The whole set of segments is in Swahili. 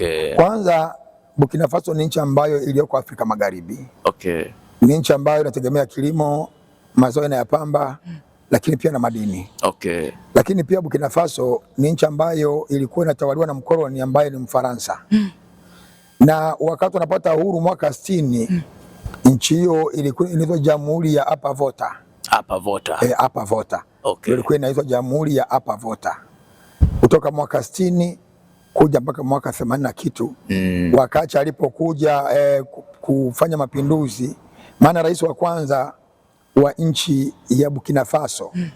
Okay. Kwanza Burkina Faso ni nchi ambayo iliyoko Afrika Magharibi. Okay. Ni nchi ambayo inategemea kilimo, mazao yanayopamba lakini pia na madini. Okay. Lakini pia Burkina Faso ni nchi ambayo ilikuwa inatawaliwa na mkoloni ambaye ni Mfaransa. Na wakati wanapata uhuru mwaka 60 nchi hiyo ilikuwa inaitwa Jamhuri ya Apa Vota. Apa Vota. Eh, Apa Vota. Okay. Ilikuwa inaitwa Jamhuri ya Apa Vota. Kutoka mwaka 60 kuja mpaka mwaka themanini na kitu mm. Wakacha alipokuja eh, kufanya mapinduzi, maana rais wa kwanza wa nchi ya Burkina Faso mm.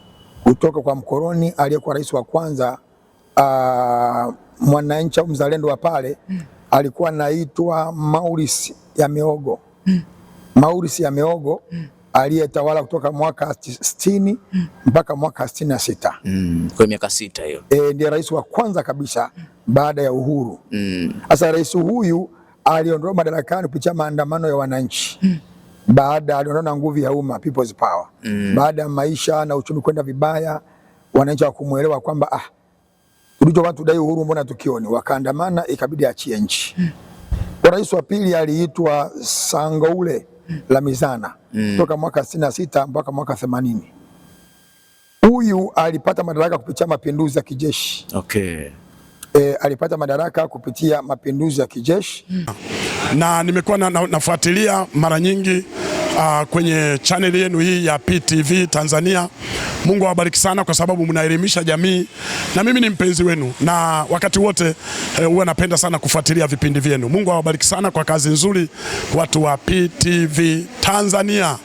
kutoka mm. kwa mkoloni aliyekuwa rais wa kwanza uh, mwananchi au mzalendo wa pale mm. alikuwa anaitwa Maurice ya Meogo mm. Maurice ya Meogo mm aliyetawala kutoka mwaka sitini mpaka mwaka sitini na sita mm, kwa miaka sita hiyo e, ndiye rais wa kwanza kabisa baada ya uhuru mm. sasa. Mm. Rais huyu aliondoa madarakani kupitia maandamano ya wananchi mm. Baada aliondoa na nguvu ya umma people's power mm. Baada ya maisha na uchumi kwenda vibaya, wananchi wakumwelewa kwamba ah, watu dai uhuru mbona tukioni, wakaandamana ikabidi achie nchi mm. Rais wa pili aliitwa Sangoule la Mizana mm. toka mwaka sitini na sita mpaka mwaka themanini. Huyu alipata madaraka kupitia mapinduzi ya kijeshi okay. E, alipata madaraka kupitia mapinduzi ya kijeshi mm na nimekuwa na, na, nafuatilia mara nyingi uh, kwenye chaneli yenu hii ya PTV Tanzania. Mungu awabariki sana kwa sababu mnaelimisha jamii na mimi ni mpenzi wenu, na wakati wote eh, huwa eh, napenda sana kufuatilia vipindi vyenu. Mungu awabariki sana kwa kazi nzuri watu wa PTV Tanzania.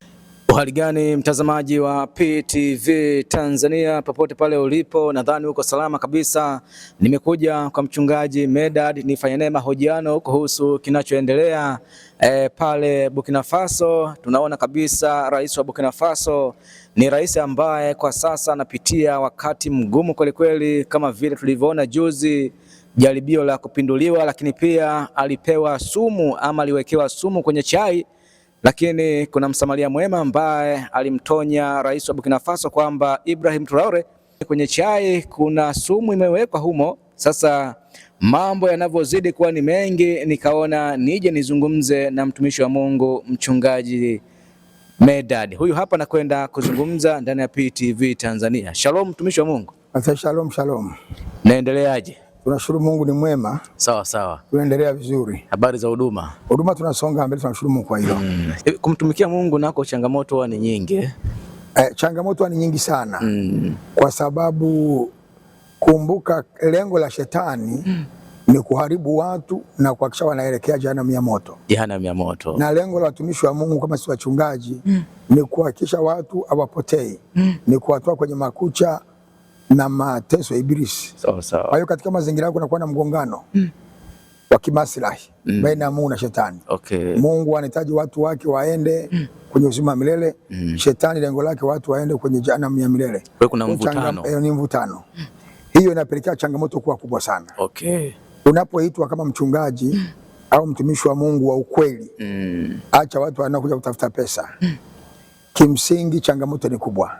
Hali gani mtazamaji wa PTV Tanzania popote pale ulipo, nadhani uko salama kabisa. Nimekuja kwa mchungaji Medad nifanye naye mahojiano kuhusu kinachoendelea e, pale Burkina Faso. Tunaona kabisa rais wa Burkina Faso ni rais ambaye kwa sasa anapitia wakati mgumu kwelikweli, kama vile tulivyoona juzi jaribio la kupinduliwa, lakini pia alipewa sumu ama aliwekewa sumu kwenye chai lakini kuna msamaria mwema ambaye alimtonya rais wa Burkina Faso kwamba Ibrahim Traore kwenye chai kuna sumu imewekwa humo. Sasa mambo yanavyozidi kuwa ni mengi, nikaona nije nizungumze na mtumishi wa Mungu mchungaji Medad. Huyu hapa nakwenda kuzungumza ndani ya PTV Tanzania. Shalom mtumishi wa Mungu. Asante. Shalom, shalom. Naendeleaje? Tunashukuru Mungu ni mwema. Sawa sawa. Tunaendelea vizuri. Habari za huduma? Huduma tunasonga mbele, tunashukuru Mungu kwa hilo. Mm. Kumtumikia Mungu nako changamoto ni nyingi. Eh, changamoto ni nyingi sana. Mm. Kwa sababu kumbuka lengo la shetani mm ni kuharibu watu na kuhakikisha wanaelekea jehanamu ya moto, jehanamu ya moto. Na lengo la watumishi wa Mungu kama si wachungaji mm. ni kuhakikisha watu hawapotei mm. ni kuwatoa kwenye makucha na mateso ya Ibilisi. Sawa sawa. Kwa hiyo katika mazingira yako unakuwa na mgongano mm. wa kimaslahi mm. baina ya Mungu na shetani. Okay. Mungu anahitaji watu wake waende mm. kwenye uzima wa milele mm. Shetani lengo lake watu waende kwenye jehanamu ya milele. Kwa kuna mvutano. Eh, ni mvutano. Mm. Hiyo inapelekea changamoto kuwa kubwa sana. Okay. Unapoitwa kama mchungaji mm. au mtumishi wa Mungu wa ukweli mm. acha watu wanaokuja kutafuta pesa mm. Kimsingi changamoto ni kubwa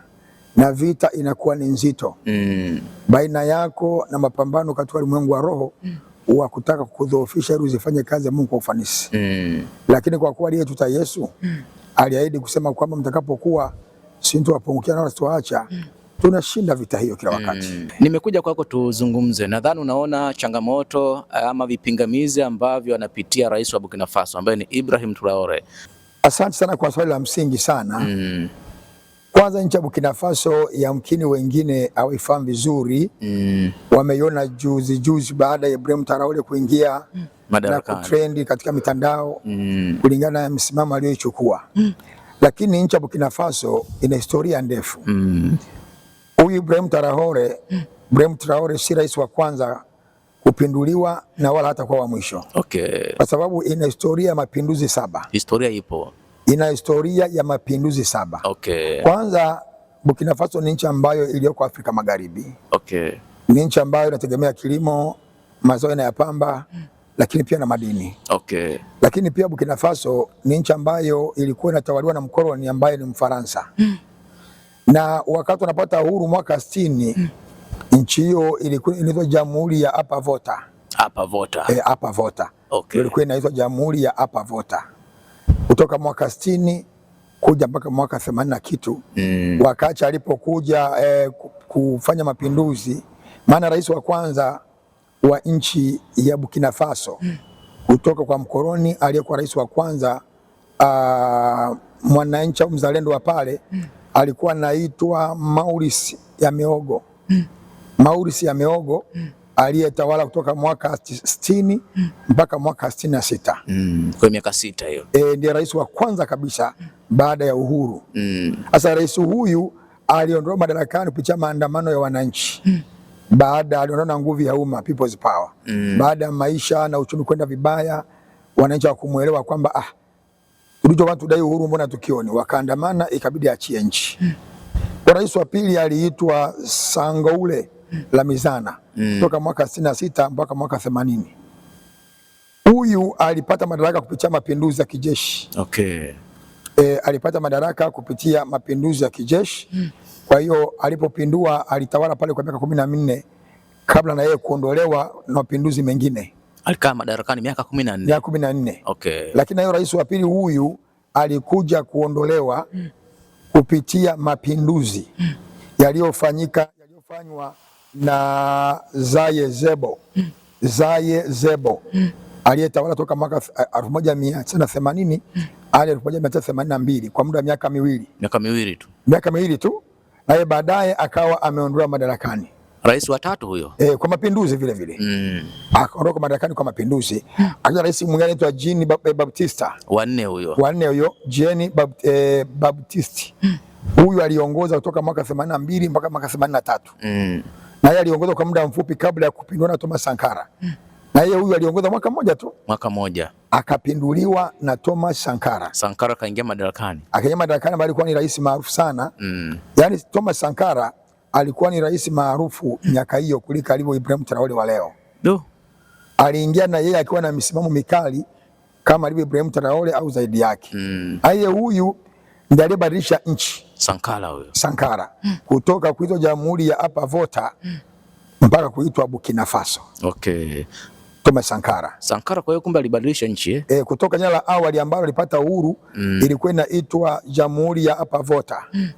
na vita inakuwa ni nzito mm. baina yako na mapambano katika ulimwengu wa roho mm. wa kutaka kudhoofisha ili uzifanye kazi ya Mungu kwa ufanisi mm. Lakini kwa kuwa aliye tuta Yesu mm. aliahidi kusema kwamba mtakapokuwa sintuwapungukia na sitowaacha mm. tunashinda vita hiyo kila wakati mm. Nimekuja kwako tuzungumze, nadhani unaona changamoto eh, ama vipingamizi ambavyo anapitia rais wa Burkina Faso ambaye ni Ibrahim Traore. Asante sana kwa swali la msingi sana mm. Kwanza nchi ya Burkina Faso yamkini wengine hawaifahamu vizuri mm. Wameiona juzi juzi baada ya Ibrahim Traore kuingia madarakani na kutrendi katika mitandao mm. kulingana na msimamo aliyoichukua mm. Lakini nchi ya Burkina Faso ina historia ndefu mm. Huyu Ibrahim Traore mm. Ibrahim Traore si rais wa kwanza kupinduliwa na wala hata kwa wa mwisho okay. Kwa sababu ina historia ya mapinduzi saba, historia ipo ina historia ya mapinduzi saba. Okay. Kwanza Burkina Faso ni nchi ambayo iliyoko Afrika Magharibi. Okay. Ni nchi ambayo inategemea kilimo, mazao yanayopamba lakini pia na madini. Okay. Lakini pia Burkina Faso ni nchi ambayo ilikuwa inatawaliwa na mkoloni ambaye ni Mfaransa. Na wakati wanapata uhuru mwaka 60 nchi hiyo ilikuwa inaitwa Jamhuri ya Apa Vota. Apa Vota. Eh, Apa Vota. Okay. Ilikuwa inaitwa Jamhuri ya Apa Vota kutoka mwaka sitini kuja mpaka mwaka themanini na kitu mm. Wakacha alipokuja eh, kufanya mapinduzi, maana rais wa kwanza wa nchi ya Burkina Faso mm. kutoka kwa mkoloni aliyekuwa rais wa kwanza uh, mwananchi au mzalendo wa pale mm. alikuwa anaitwa Maurice ya Meogo mm. Maurice ya Meogo mm aliyetawala kutoka mwaka sitini mpaka mwaka sitini na sita mm, kwa miaka sita hiyo e, ndiye rais wa kwanza kabisa baada ya uhuru mm. sasa mm. Rais huyu aliondoa madarakani kupitia maandamano ya wananchi mm. Baada aliondoa na nguvu ya umma people's power mm. Baada ya maisha na uchumi kwenda vibaya, wananchi wakumwelewa kwamba ah, watu dai uhuru mbona tukioni, wakaandamana ikabidi achie nchi mm. Rais wa pili aliitwa Sangoule la mizana mm. mwaka sitini na sita mpaka mwaka themanini. Huyu alipata madaraka kupitia mapinduzi ya kijeshi okay. E, alipata madaraka kupitia mapinduzi ya kijeshi mm. Kwa hiyo alipopindua alitawala pale kwa miaka kumi na minne kabla na yeye kuondolewa na mapinduzi mengine. Alikaa madarakani miaka kumi na nne miaka kumi na nne okay. Lakini nayo rais wa pili huyu alikuja kuondolewa mm. kupitia mapinduzi mm. yaliyofanyika yaliyofanywa na Zaye Zebo, Zaye Zebo aliyetawala toka mwaka 1980 hadi 1982 kwa muda wa miaka miwili, miaka miwili tu, miaka miwili tu, naye baadaye akawa ameondolewa madarakani. Rais wa tatu huyo eh, kwa mapinduzi vile vile mm. Akaondoka madarakani kwa mapinduzi, akaja rais mwingine anaitwa Jean eh, Baptista, wanne huyo, wanne huyo Jean eh, Baptiste, mm. huyu aliongoza kutoka mwaka 82 mpaka mwaka 83 mm na yeye aliongoza kwa muda mfupi kabla ya kupindua na Thomas Sankara. na yeye huyu aliongoza mwaka mmoja tu, mwaka mmoja akapinduliwa na Thomas Sankara. Sankara kaingia madarakani, akaingia madarakani ambaye alikuwa ni rais maarufu sana mm. Yaani Thomas Sankara alikuwa ni rais maarufu miaka hiyo kuliko alivyo Ibrahim Traore wa leo. Ndio. Aliingia na yeye akiwa na misimamo mikali kama alivyo Ibrahim Traore au zaidi yake. Mm. Aye huyu ndiye aliyebadilisha nchi Sankara huyo. Sankara hmm. kutoka kuitwa Jamhuri ya mm. mpaka kuitwa Burkina Faso. Okay. Tome Sankara. Sankara kwa hiyo kumbe alibadilisha nchi eh? E, kutoka jina la awali ambalo alipata uhuru mm. ilikuwa inaitwa Jamhuri ya Volta. mm.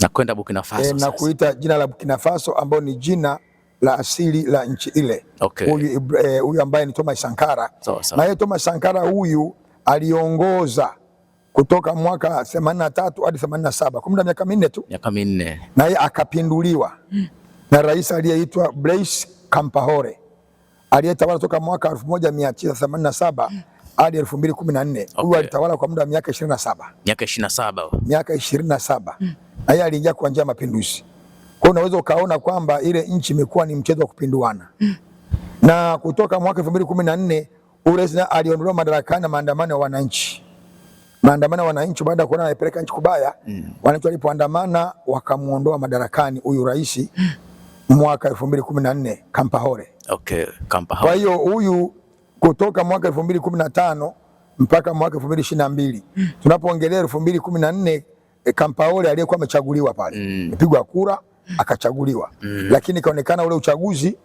na kwenda Burkina Faso e, na kuita jina la Burkina Faso ambayo ni jina la asili la nchi ile huyu okay. E, eh, ambaye ni Thomas Sankara so, so. na yeye Thomas Sankara huyu aliongoza kutoka mwaka themanini na tatu hadi themanini na saba kwa muda miaka minne tu, miaka minne, naye akapinduliwa na rais aliyeitwa Blaise Compaoré aliyetawala toka mwaka 1987 hadi 2014. Huyu okay. Alitawala kwa muda wa miaka 27. Miaka 27. Miaka 27. Mm. Na yeye aliingia kwa njia ya mapinduzi. Kwa hiyo unaweza ukaona kwamba ile nchi imekuwa ni mchezo wa kupinduana. Na kutoka mwaka 2014 ule aliondolewa madarakani na maandamano ya wananchi maandamano ya wananchi baada ya kuona anapeleka nchi kubaya mm. Wananchi walipoandamana wakamuondoa madarakani huyu rais mwaka 2014 Kampahore. Okay, Kampahore. Kwa hiyo huyu kutoka mwaka 2015 mpaka mwaka 2022 mm. Tunapoongelea 2014 e, eh, Kampahore aliyekuwa amechaguliwa pale mm. kura akachaguliwa mm. Lakini ikaonekana ule uchaguzi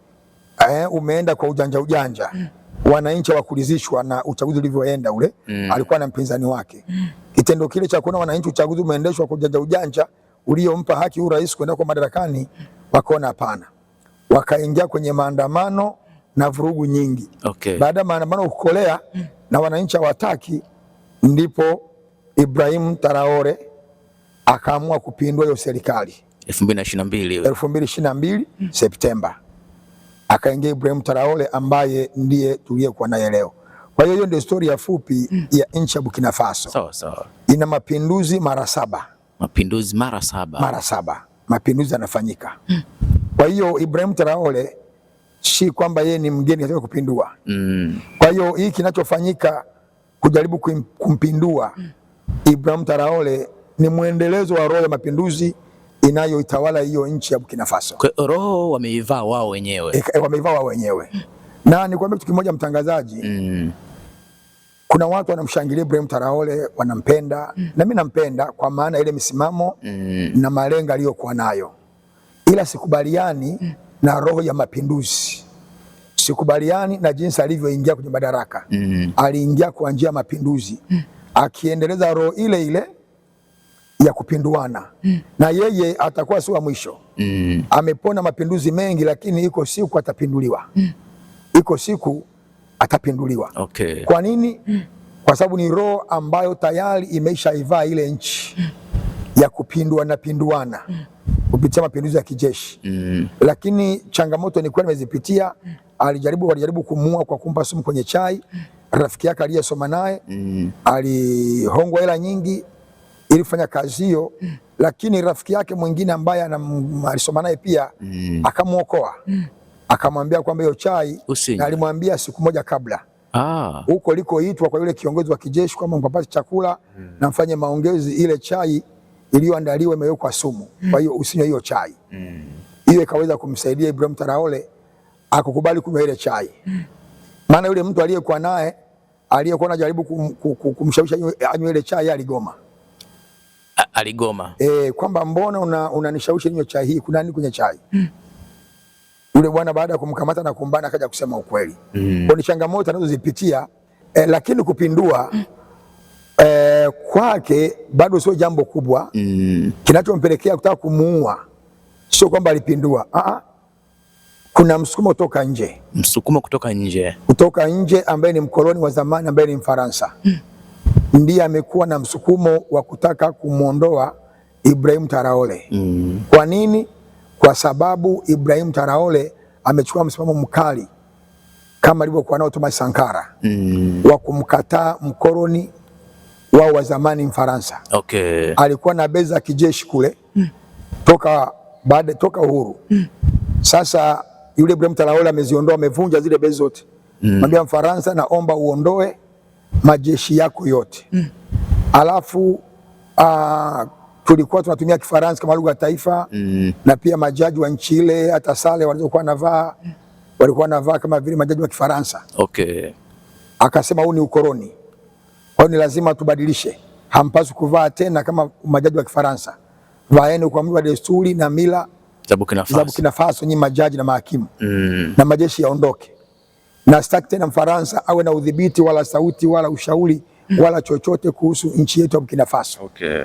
eh, umeenda kwa ujanja ujanja mm wananchi wakulizishwa na uchaguzi ulivyoenda ule mm. alikuwa na mpinzani wake mm. kitendo kile cha kuona wananchi uchaguzi umeendeshwa kwa ujanja ujanja uliompa haki huyu rais kwenda kwa madarakani, wakaona hapana, wakaingia kwenye maandamano na vurugu nyingi okay. Baada ya maandamano kukolea na wananchi hawataki, ndipo Ibrahim Traore akaamua kupindua hiyo serikali 2022 2022 Septemba akaingia Ibrahim Traore ambaye ndiye tuliyekuwa naye leo. Kwa hiyo hiyo ndio historia fupi mm. ya nchi ya Burkina Faso. so, so. Ina mapinduzi mara saba. Mapinduzi mara saba. Mara saba. Mapinduzi yanafanyika. Mm. Kwa hiyo Ibrahim Traore si kwamba yeye ni mgeni katika kupindua. Mm. Kwa hiyo hii kinachofanyika kujaribu kumpindua mm. Ibrahim Traore ni mwendelezo wa roho ya mapinduzi inayoitawala hiyo nchi ya Burkina Faso. Kwa roho wameivaa wao wenyewe. E, wameivaa wao wenyewe. Hmm. Na nikwambia kitu kimoja mtangazaji. Mm. Kuna watu wanamshangilia Ibrahim Traore wanampenda mm. na mimi nampenda kwa maana ile misimamo mm. na malengo aliyokuwa nayo. Ila sikubaliani mm. na roho ya mapinduzi. Sikubaliani na jinsi alivyoingia kwenye madaraka. Mm. Aliingia kwa njia ya mapinduzi mm. akiendeleza roho ile ile ya kupinduana mm. na yeye atakuwa si wa mwisho mm. amepona mapinduzi mengi, lakini iko siku atapinduliwa mm. iko siku atapinduliwa okay. Kwa nini? mm. Kwa sababu ni roho ambayo tayari imeshaivaa ile nchi mm. ya na pinduana kupitia mapinduzi ya kijeshi mm. Lakini changamoto ni kweli nimezipitia mm. Alijaribu, walijaribu kumuua kwa kumpa sumu kwenye chai mm. Rafiki yake aliyesoma naye mm. alihongwa hela nyingi ili kufanya kazi hiyo mm. Lakini rafiki yake mwingine ambaye alisoma naye pia mm. akamwokoa mm. akamwambia kwamba hiyo chai, na alimwambia siku moja kabla ah. huko ah. likoitwa kwa yule kiongozi wa kijeshi kwamba mpapate chakula mm. na mfanye maongezi, ile chai iliyoandaliwa imewekwa sumu mm. kwa hiyo usinywe hiyo chai mm. hiyo mm. ikaweza kumsaidia Ibrahim Traore akukubali kunywa ile chai mm. maana yule mtu aliyekuwa naye aliyekuwa anajaribu kumshawishi anywe ile chai aligoma aligoma eh, kwamba mbona unanishawishi una nywe chai hii, kuna nini kwenye chai mm. Yule bwana baada ya kumkamata na kumbana akaja kusema ukweli mm. Kwa ni changamoto anazozipitia eh, lakini kupindua mm. Eh, kwake bado sio jambo kubwa mm. Kinachompelekea kutaka kumuua sio kwamba alipindua Aa, kuna msukumo kutoka nje, msukumo kutoka nje, kutoka nje ambaye ni mkoloni wa zamani ambaye ni Mfaransa mm ndiye amekuwa na msukumo wa kutaka kumwondoa Ibrahim Traore mm. Kwa nini? Kwa sababu Ibrahim Traore amechukua msimamo mkali kama alivyokuwa nao Thomas Sankara mm. wa kumkataa mkoloni wao wa zamani Mfaransa. Okay. Alikuwa na beza kijeshi kule mm. toka baada toka uhuru mm. Sasa yule Ibrahim Traore ameziondoa, amevunja zile bezi zote mm. Mwambia Mfaransa, naomba uondoe majeshi yako yote mm. Alafu uh, tulikuwa tunatumia Kifaransa kama lugha ya taifa mm. na pia majaji wa nchi ile hata sale walizokuwa wanavaa mm. walikuwa wanavaa kama vile majaji wa Kifaransa okay. Akasema huu ni ukoloni, kwa hiyo ni lazima tubadilishe, hampaswi kuvaa tena kama majaji wa Kifaransa, vaeni kwa mujibu wa desturi na mila za Burkina Faso, nyinyi majaji na mahakimu mm. na majeshi yaondoke na sitaki tena Mfaransa awe na udhibiti wala sauti wala ushauri wala chochote kuhusu nchi yetu ya Burkina Faso. Okay.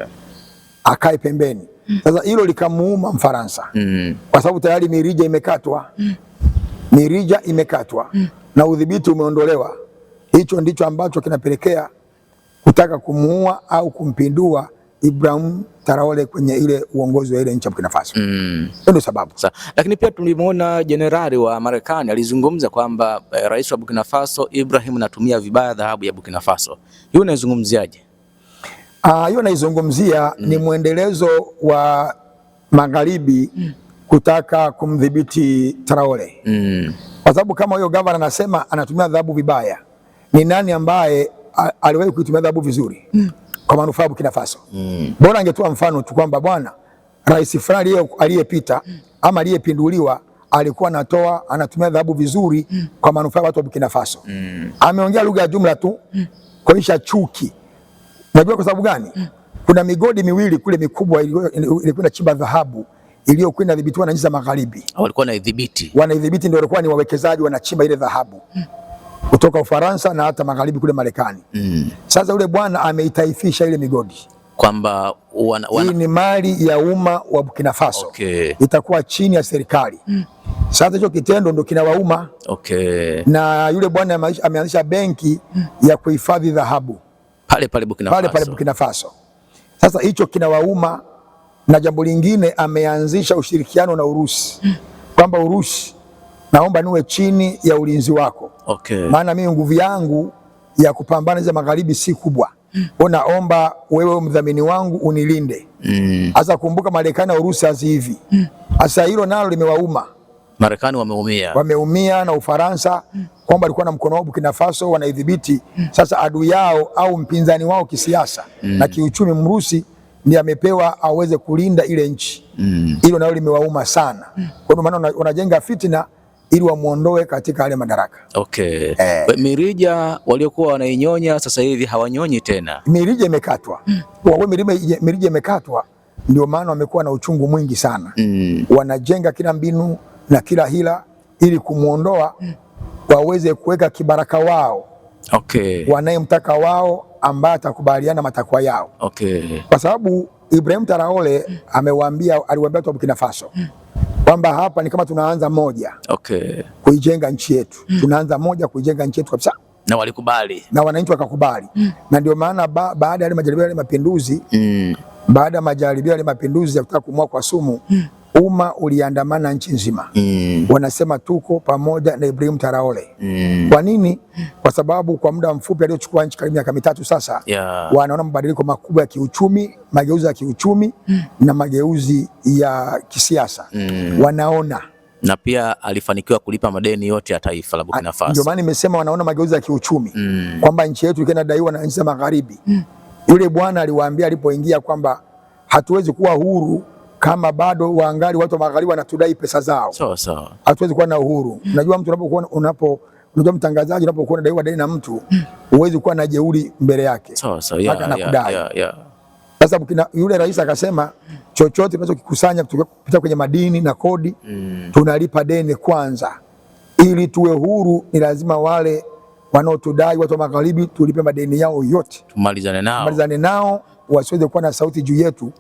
Akae pembeni. Sasa hilo likamuuma Mfaransa mm. kwa sababu tayari mirija imekatwa mm. mirija imekatwa mm. na udhibiti umeondolewa. Hicho ndicho ambacho kinapelekea kutaka kumuua au kumpindua Ibrahim Traore kwenye ile uongozi wa ile nchi ya Burkina Faso. Mm. Ndio sababu. Sa, lakini pia tulimuona jenerali wa Marekani alizungumza kwamba eh, rais wa Burkina Faso Ibrahim anatumia vibaya dhahabu ya Burkina Faso. Hiyo unaizungumziaje? Ah, hiyo naizungumzia mm. ni mwendelezo wa magharibi mm. kutaka kumdhibiti Traore. Mm. Kwa sababu kama huyo gavana anasema anatumia dhahabu vibaya, ni nani ambaye aliwahi kuitumia dhahabu vizuri? Mm kwa manufaa ya Burkina Faso mm. Bora angetoa mfano tu kwamba bwana rais fulani aliyepita mm. ama aliyepinduliwa alikuwa anatoa anatumia dhahabu vizuri mm. kwa manufaa ya watu wa Burkina Faso mm. Ameongea lugha ya jumla tu mm. kuonyesha chuki. Najua kwa sababu gani? mm. Kuna migodi miwili kule mikubwa ilikuwa inachimba dhahabu iliyokuwa inadhibitiwa na nchi za magharibi, walikuwa wanaidhibiti, wanaidhibiti ndio walikuwa ni wawekezaji wanachimba ile dhahabu mm kutoka Ufaransa na hata magharibi kule Marekani mm. Sasa yule bwana ameitaifisha ile migodi kwamba wana, wana... hii ni mali ya umma wa Burkina Faso okay. Itakuwa chini ya serikali mm. Sasa hicho kitendo ndo kinawauma okay. Na yule bwana ameanzisha benki ya kuhifadhi dhahabu pale pale Burkina Faso, pale pale Burkina Faso. Sasa hicho kinawauma, na jambo lingine ameanzisha ushirikiano na Urusi mm. kwamba Urusi, naomba niwe chini ya ulinzi wako okay. Maana mimi nguvu yangu ya kupambana za magharibi si kubwa hmm. Naomba wewe mdhamini wangu unilinde hasa hmm. Kumbuka Marekani na Urusi hazi hivi hasa hmm. Hilo nalo limewauma Marekani wameumia, wameumia na Ufaransa mm. kwamba alikuwa na mkono wao Burkina Faso wanaidhibiti mm. Sasa adui yao au mpinzani wao kisiasa mm. na kiuchumi Mrusi ndiye amepewa aweze kulinda ile nchi mm. Hilo nalo limewauma sana mm. Kwa maana unajenga fitina ili wamwondoe katika yale madaraka. Okay. Eh, mirija waliokuwa wanainyonya sasa hivi hawanyonyi tena, mirija imekatwa. Mm. mirija imekatwa, ndio maana wamekuwa na uchungu mwingi sana mm. Wanajenga kila mbinu na kila hila ili kumwondoa mm. waweze kuweka kibaraka wao okay. wanayemtaka wao ambaye atakubaliana matakwa yao okay. Kwa sababu Ibrahim Traore mm. amewaambia, aliwaambia watu wa Burkina Faso mm kwamba hapa ni kama tunaanza moja, okay, kuijenga nchi yetu mm. tunaanza moja kuijenga nchi yetu kabisa, na walikubali na wananchi wakakubali mm. na ndio maana ba, baada ya yale majaribio yale mapinduzi mm baada ya majaribio ya mapinduzi ya kutaka kumua kwa sumu hmm. umma uliandamana nchi nzima mm. wanasema tuko pamoja na Ibrahim Traore mm. kwa nini? Hmm. Kwa sababu kwa muda mfupi aliochukua nchi karibu miaka mitatu sasa yeah. wanaona mabadiliko makubwa ya kiuchumi, mageuzi ya kiuchumi mm. na mageuzi ya kisiasa mm. wanaona na pia alifanikiwa kulipa madeni yote ya taifa la Burkina Faso. Ndio maana nimesema wanaona mageuzi ya kiuchumi mm. kwamba nchi yetu ilikuwa inadaiwa na nchi za magharibi mm. Yule bwana aliwaambia alipoingia kwamba hatuwezi kuwa huru kama bado waangali watu wa magharibi wanatudai pesa zao. Sawa sawa. Hatuwezi kuwa na uhuru. Hmm. Unajua mtu unapokuwa unapo unajua mtangazaji unapokuwa unadaiwa deni na mtu hmm. huwezi kuwa na jeuri mbele yake. Sawa sawa. Yeah, yeah, Yeah, yeah. Sasa yule rais akasema chochote tunachokikusanya kutoka kwenye madini na kodi mm. tunalipa deni kwanza ili tuwe huru, ni lazima wale wanaotudai watu wa magharibi, tulipe madeni yao yote, tumalizane nao, tumalizane nao wasiweze kuwa na sauti juu yetu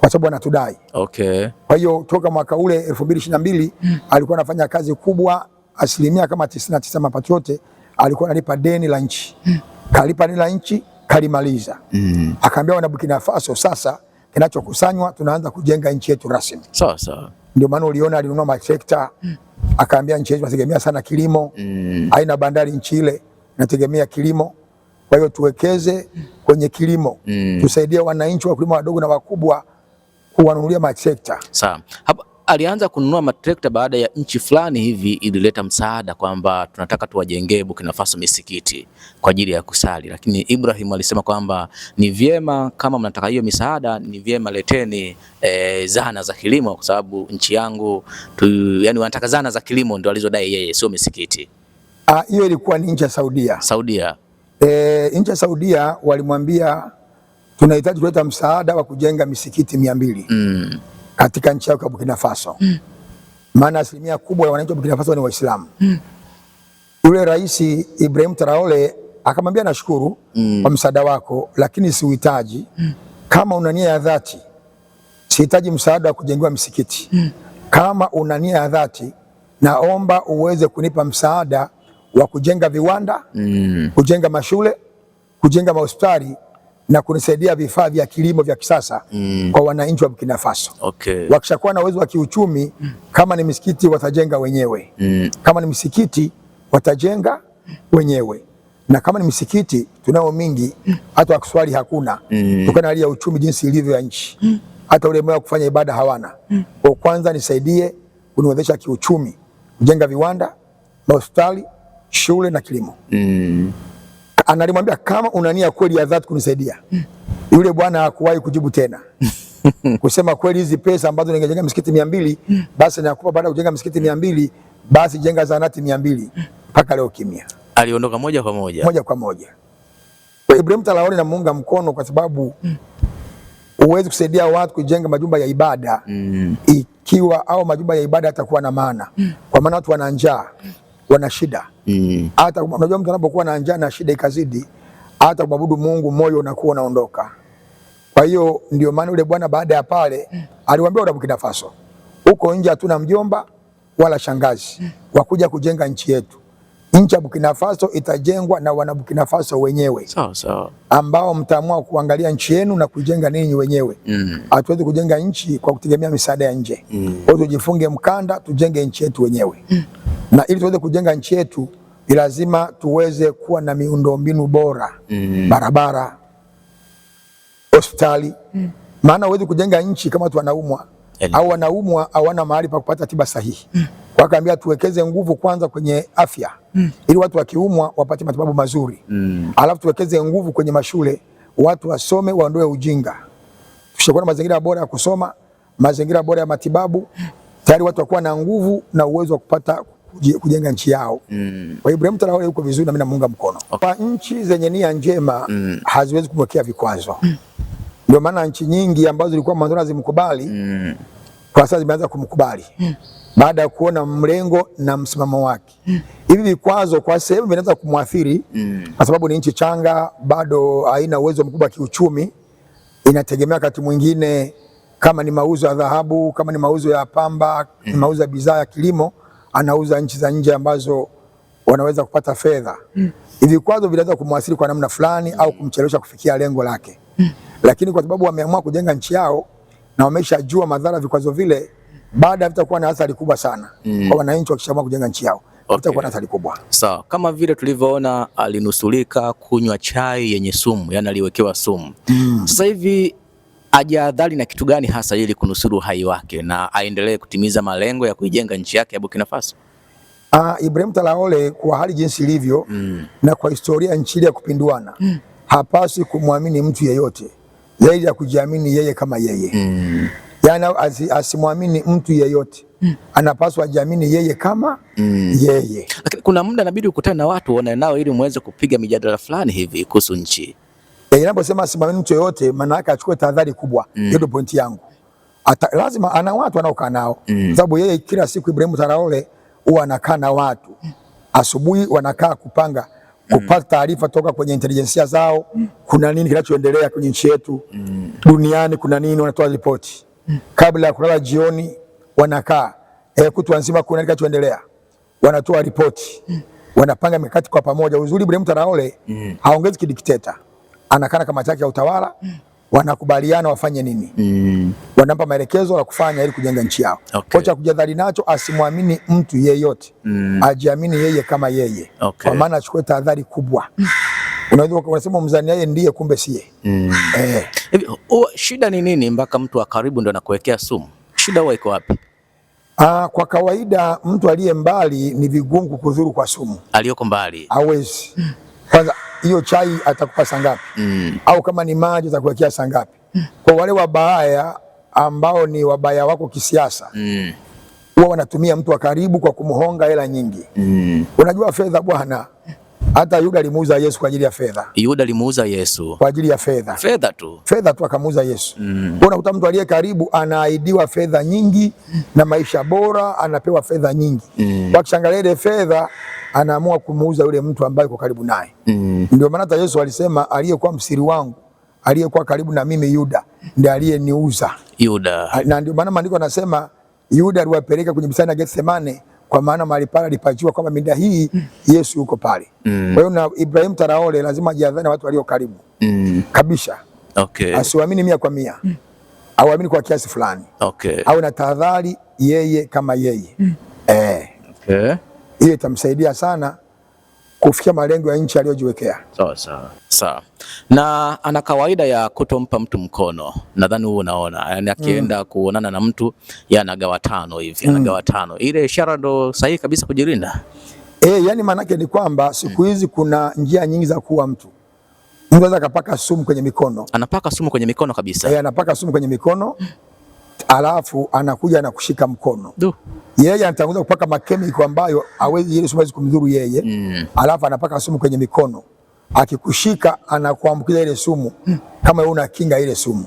kwa sababu wanatudai. Okay. Kwa hiyo toka mwaka ule 2022 mm. alikuwa anafanya kazi kubwa, asilimia kama 99 mapato yote alikuwa analipa deni la nchi. Mm. Kalipa deni la nchi kalimaliza. Mm. Akaambia wana Burkina Faso, sasa kinachokusanywa tunaanza kujenga nchi yetu rasmi. Sawa sawa. Ndio maana uliona alinunua matrekta, mm akaambia nchi yetu inategemea sana kilimo mm. haina bandari nchi ile inategemea kilimo, kwa hiyo tuwekeze kwenye kilimo mm. tusaidie wananchi, wakulima wadogo na wakubwa kuwanunulia matrekta. Sawa alianza kununua matrekta baada ya nchi fulani hivi ilileta msaada kwamba tunataka tuwajengee Burkina Faso misikiti kwa ajili ya kusali, lakini Ibrahim alisema kwamba ni vyema kama mnataka hiyo misaada, ni vyema leteni e, zana za kilimo kwa sababu nchi yangu tu, yani wanataka zana za kilimo ndio alizodai yeye, sio misikiti. Ah, hiyo ilikuwa ni nchi ya Saudia. Saudia. E, nchi ya Saudia walimwambia tunahitaji kuleta msaada wa kujenga misikiti mia mbili mm katika nchi yako ya Burkina Faso mm. maana asilimia kubwa ya wananchi wa Burkina Faso ni Waislamu mm. Yule Rais Ibrahim Traore akamwambia nashukuru mm. kwa msaada wako, lakini siuhitaji mm. kama una nia ya dhati. Sihitaji msaada wa kujengiwa misikiti mm. kama una nia ya dhati, naomba uweze kunipa msaada wa kujenga viwanda mm. kujenga mashule, kujenga mahospitali na kunisaidia vifaa vya kilimo vya kisasa mm. kwa wananchi wa Burkina Faso. Okay. Wakishakuwa na uwezo wa kiuchumi mm. kama ni misikiti watajenga wenyewe mm. kama ni misikiti watajenga wenyewe na kama ni misikiti tunao mingi, hata wakiswali hakuna mm. tukana hali ya uchumi jinsi ilivyo ya nchi mm. hata ule moyo wa kufanya ibada hawana mm. kwa kwanza, nisaidie kuniwezesha kiuchumi kujenga viwanda, hospitali, shule na kilimo mm analimwambia kama una nia kweli ya dhati kunisaidia. Yule bwana hakuwahi kujibu tena kusema kweli, hizi pesa ambazo ningejenga msikiti mia mbili basi nakupa baada ya kujenga msikiti mia mbili basi jenga zahanati mia mbili Mpaka leo kimya. Aliondoka moja kwa moja, moja kwa moja. Ibrahim Talaoni namuunga mkono kwa sababu huwezi kusaidia watu kujenga majumba ya ibada mm. ikiwa au majumba ya ibada yatakuwa na maana, kwa maana watu wana njaa, wana shida Mm. Hata mm. Unajua, mtu anapokuwa na njaa na shida ikazidi, hata kumwabudu Mungu moyo unakuwa unaondoka. Kwa hiyo ndio maana yule bwana baada ya pale mm. aliwaambia wana Burkina Faso, huko nje hatuna mjomba wala shangazi mm. wakuja kujenga nchi yetu. Nchi ya Burkina Faso itajengwa na wana Burkina Faso wenyewe sawa sawa, ambao mtaamua kuangalia nchi yenu na kujenga ninyi wenyewe. Hatuwezi mm. kujenga nchi kwa kutegemea misaada ya nje mm. Tujifunge mkanda, tujenge nchi yetu wenyewe mm na ili tuweze kujenga nchi yetu ni lazima tuweze kuwa na miundombinu bora mm. barabara, hospitali mm. maana huwezi kujenga nchi kama watu wanaumwa au wanaumwa hawana mahali pa kupata tiba sahihi mm. Wakaambia tuwekeze nguvu kwanza kwenye afya mm. ili watu wakiumwa wapate matibabu mazuri mm. alafu tuwekeze nguvu kwenye mashule, watu wasome, waondoe ujinga, tushakuwa na mazingira bora ya kusoma, mazingira bora ya matibabu, mm. tayari watu wakuwa na nguvu na uwezo wa kupata kujenga nchi yao mm. Kwa hiyo Ibrahim Traore yuko vizuri na mimi namuunga mkono okay. Kwa nchi zenye nia njema mm. haziwezi kumwekea vikwazo mm. Ndio maana nchi nyingi ambazo zilikuwa mwanzo zimkubali mm. kwa sasa zimeanza kumkubali mm. baada ya kuona mlengo na msimamo wake mm. Hivi vikwazo kwa sehemu vinaweza kumwathiri mm. kwa sababu ni nchi changa, bado haina uwezo mkubwa kiuchumi, inategemea wakati mwingine kama ni mauzo ya dhahabu, kama ni mauzo ya pamba mm. ni mauzo ya bidhaa ya kilimo anauza nchi za nje ambazo wanaweza kupata fedha mm. Vikwazo vinaweza kumwasiri kwa namna fulani mm. au kumchelewesha kufikia lengo lake mm. Lakini kwa sababu wameamua kujenga nchi yao na wameshajua madhara vikwazo vile, baada vitakuwa na athari kubwa sana mm. kwa wananchi wakishaamua kujenga nchi yao okay. Vitakuwa na athari kubwa sawa, so, kama vile tulivyoona alinusulika kunywa chai yenye sumu, yani aliwekewa sumu mm. Sasa hivi ajiadhari na kitu gani hasa ili kunusuru uhai wake na aendelee kutimiza malengo ya kuijenga nchi yake ya Burkina Faso? Uh, Ibrahim Traore kwa hali jinsi ilivyo mm. na kwa historia nchi ya kupinduana mm. hapaswi kumwamini mtu yeyote zaidi ya kujiamini yeye kama yeye mm. yaani asimwamini mtu yeyote mm. anapaswa ajiamini yeye kama mm. yeye. Lakini kuna muda inabidi ukutane na watu uone nao ili muweze kupiga mijadala fulani hivi kuhusu nchi E, inaposema simameni mtu yoyote, maana yake achukue tahadhari kubwa. Mm. Hiyo ndio point yangu. Ata, lazima ana watu anaokaa nao mm. Sababu yeye kila siku Ibrahim Traore huwa anakaa na watu asubuhi, wanakaa kupanga mm. kupata taarifa toka kwenye intelijensia zao, mm. kuna nini kinachoendelea kwenye nchi yetu mm. duniani, kuna nini, wanatoa ripoti mm. kabla ya kulala jioni, wanakaa e, kutwa nzima, kuna nini kinachoendelea, wanatoa ripoti mm. wanapanga mikakati kwa pamoja. Uzuri Ibrahim Traore mm. haongezi kidikteta anakana kamati yake ya utawala wanakubaliana wafanye nini mm. wanampa maelekezo la kufanya ili kujenga nchi yao. Okay. Kocha kujadhali nacho asimwamini mtu yeyote mm. ajiamini yeye kama yeye. Okay. Kwa maana achukue tahadhari kubwa unaweza unajua mzani yeye ndiye kumbe siye mm. eh. Shida ni nini mpaka mtu wa karibu ndo anakuwekea sumu? Shida huwa iko wapi? Ah, kwa kawaida mtu aliye mbali ni vigumu kudhuru kwa sumu. Aliyoko mbali hawezi kwanza hiyo chai atakupa sangapi mm. au kama ni maji atakuwekea sangapi mm. Kwa wale wabaya ambao ni wabaya wako kisiasa mm. huwa wanatumia mtu wa karibu kwa kumhonga hela nyingi mm. Unajua fedha bwana hata Yuda alimuuza Yesu kwa ajili ya fedha. Yuda alimuuza Yesu kwa ajili ya fedha, fedha tu, fedha tu akamuuza Yesu. Mm. Unakuta mtu aliye karibu anaahidiwa fedha nyingi na maisha bora, anapewa fedha nyingi. Mm. Wakishangalia ile fedha anaamua kumuuza yule mtu ambaye yuko karibu naye. Mm. Ndio maana hata Yesu alisema aliyekuwa msiri wangu aliyekuwa karibu na mimi Yuda ndiye aliyeniuza. Yuda. Na ndio maana maandiko anasema Yuda aliwapeleka kwenye bustani ya Gethsemane kwa maana mahali pale alipajua kwamba mida hii Yesu yuko pale. Mm. Kwa hiyo na Ibrahim Taraole lazima jiadhani watu walio karibu. Mm. Kabisa. Okay. Asiwaamini mia kwa mia. Mm. aamini kwa kiasi fulani. Okay. Au na tahadhari yeye kama yeye. Mm. Eh. Okay. Hiyo itamsaidia sana kufikia malengo ya nchi aliyojiwekea. Sawa sawa. Sawa. Na ana kawaida ya kutompa mtu mkono, nadhani huu unaona, yaani akienda mm. kuonana na mtu ya anagawa tano hivi, mm. anagawa tano, ile ishara ndo sahihi kabisa kujilinda. E, eh, yani maanake ni kwamba siku mm. hizi mm. kuna njia nyingi za kuua mtu. Mtu anaweza akapaka sumu kwenye mikono, anapaka sumu kwenye mikono kabisa. Eh, anapaka sumu kwenye mikono mm alafu anakuja na kushika mkono du. Yeye anatangulia kupaka makemiko ambayo hawezi ile sumu kumdhuru yeye mm. Alafu anapaka sumu kwenye mikono, akikushika anakuambukiza ile sumu mm. Kama wewe una kinga ile sumu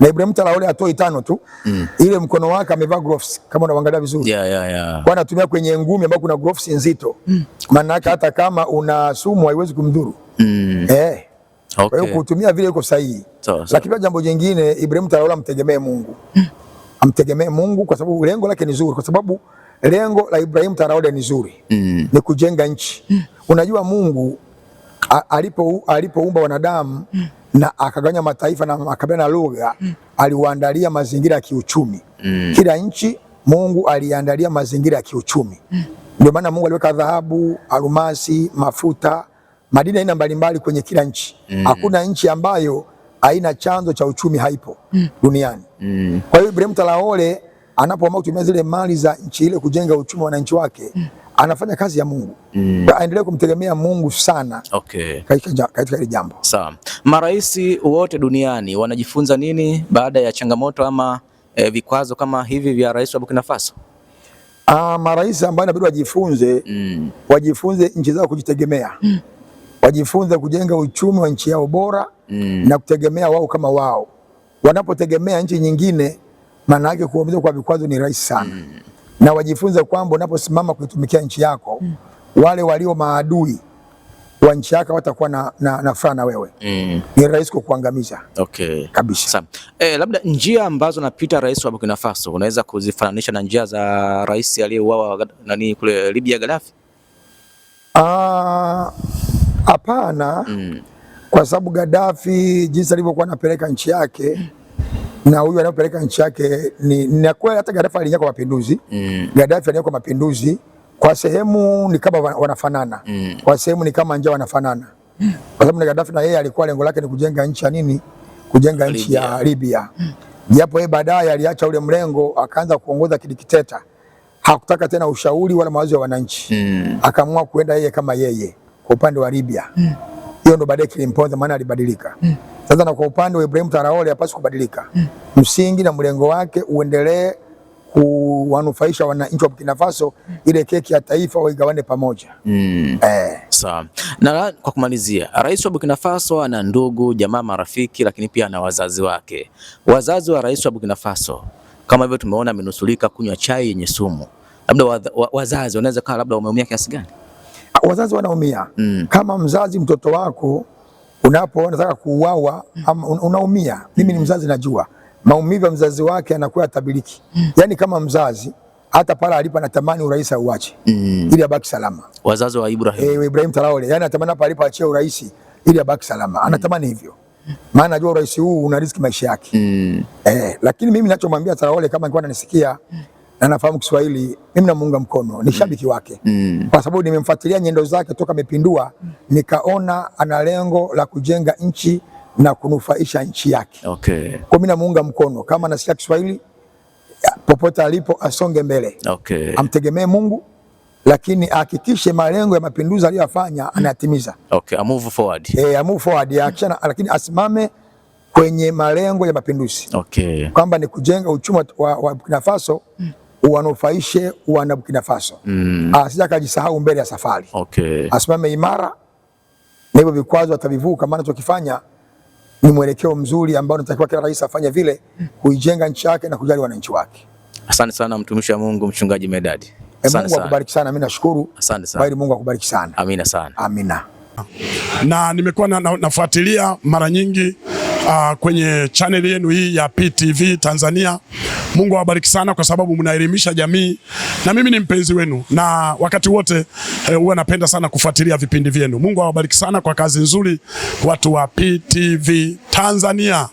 na Ibrahim Traore atoi tano tu mm. Ile mkono wake amevaa gloves kama unaangalia vizuri yeah, yeah, yeah. Kwa anatumia kwenye ngumi ambayo kuna gloves nzito mm. Maana yake hata kama una sumu haiwezi kumdhuru mm. Eh. Okay. Kwa hiyo kutumia vile iko sahihi so, so. Lakini jambo jingine Ibrahim Traore amtegemee Mungu mm amtegemee Mungu kwa sababu lengo lake ni zuri, kwa sababu lengo la Ibrahim Taraoda ni zuri mm. ni kujenga nchi mm. Unajua Mungu alipoumba wanadamu mm. na akagawanya mataifa na makabila na lugha mm. aliwaandalia mazingira ya kiuchumi mm. kila nchi Mungu aliandalia mazingira ya kiuchumi mm. Ndio maana Mungu aliweka dhahabu, almasi, mafuta, madini aina mbalimbali kwenye kila nchi. Mm. Hakuna nchi ambayo haina chanzo cha uchumi, haipo mm. duniani mm. Kwa hiyo Ibrahim Traore anapoamua kutumia zile mali za nchi ile kujenga uchumi wa wananchi wake mm. anafanya kazi ya Mungu mm. aendelee kumtegemea Mungu sana okay. katika hili jambo sawa. Marais wote duniani wanajifunza nini baada ya changamoto ama eh, vikwazo kama hivi vya rais wa Burkina Faso? Ah, marais ambayo inabidi wajifunze mm. wajifunze nchi zao kujitegemea mm wajifunze kujenga uchumi wa nchi yao bora mm. na kutegemea wao kama wao. Wanapotegemea nchi nyingine, maana yake kuumizwa kwa vikwazo ni rahisi sana mm. na wajifunze kwamba unaposimama kuitumikia nchi yako mm. wale walio maadui wa nchi yako watakuwa na, na, na furaha na wewe mm. ni rahisi kukuangamiza. Okay. Kabisa. Sawa. E, eh, labda njia ambazo napita rais wa Burkina Faso unaweza kuzifananisha na njia za rais aliyeuawa nani kule Libya Gaddafi? Ah, Hapana mm. Kwa sababu Gaddafi jinsi alivyokuwa anapeleka nchi yake na huyu anayopeleka nchi yake ni na kweli, hata Gaddafi aliingia kwa mapinduzi mm. Gaddafi aliingia kwa mapinduzi, kwa sehemu ni kama wanafanana mm. Kwa sehemu ni kama njia wanafanana mm. Kwa sababu na Gaddafi na yeye alikuwa lengo lake ni kujenga nchi ya nini, kujenga nchi ya Libya mm. japo mm. yeye baadaye aliacha ule mrengo akaanza kuongoza kidikteta, hakutaka tena ushauri wala mawazo ya wananchi mm. Akaamua kuenda yeye kama yeye kwa upande wa Libya hmm. hiyo mm. ndo baadaye kilimponza, maana alibadilika mm. Sasa na kwa upande wa Ibrahim Traore hapaswi kubadilika mm. msingi na mlengo wake uendelee kuwanufaisha wananchi wa Burkina Faso mm. ile keki ya taifa waigawane pamoja mm. eh. Sawa. Na kwa kumalizia, rais wa Burkina Faso ana ndugu, jamaa, marafiki, lakini pia ana wazazi wake. Wazazi wa rais wa Burkina Faso kama hivyo tumeona amenusulika kunywa chai yenye sumu, labda wazazi wanaweza kaa, labda wameumia kiasi gani? wazazi wanaumia mm. Kama mzazi mtoto wako unapoona nataka kuuawa mm. unaumia mm. Mimi ni mm. mzazi najua maumivu ya mzazi wake anakuwa atabiriki mm. yani kama mzazi hata pale alipo anatamani urais auache mm. ili abaki salama. Wazazi wa Ibrahim, e, Ibrahim Traore yani anatamani hapa alipo achie urais ili abaki salama, mm. anatamani hivyo maana najua urais huu una riski maisha yake mm. E, lakini mimi ninachomwambia Traore kama angekuwa ananisikia mm na nafahamu Kiswahili, mimi namuunga mkono, ni mm. shabiki wake mm. kwa sababu nimemfuatilia nyendo zake toka amepindua, mm. nikaona ana lengo la kujenga nchi na kunufaisha nchi yake okay. Kwa mimi namuunga mkono, kama anasikia Kiswahili popote alipo asonge mbele okay. Amtegemee Mungu lakini ahakikishe malengo ya mapinduzi aliyofanya mm. anayatimiza. Okay, a move forward. Eh, a move forward ya action, lakini asimame kwenye malengo ya mapinduzi okay. Kwamba ni kujenga uchumi wa, Burkina Faso uwanufaishe wana Burkina Faso mm. Asija ah, kajisahau mbele ya safari okay. Asimame imara na hivyo vikwazo atavivuka, maana tukifanya ni mwelekeo mzuri ambao natakiwa kila rais afanye vile, kuijenga nchi yake na kujali wananchi wake. Asante sana mtumishi wa Mungu mchungaji Medadi. Eh, Mungu akubariki sana, mimi nashukuru. Asante sana. Bali Mungu akubariki sana. Amina sana. Amina. Na nimekuwa nafuatilia na mara nyingi uh, kwenye channel yenu hii ya PTV Tanzania. Mungu awabariki sana kwa sababu mnaelimisha jamii na mimi ni mpenzi wenu na wakati wote eh, huwa eh, napenda sana kufuatilia vipindi vyenu. Mungu awabariki sana kwa kazi nzuri watu wa PTV Tanzania.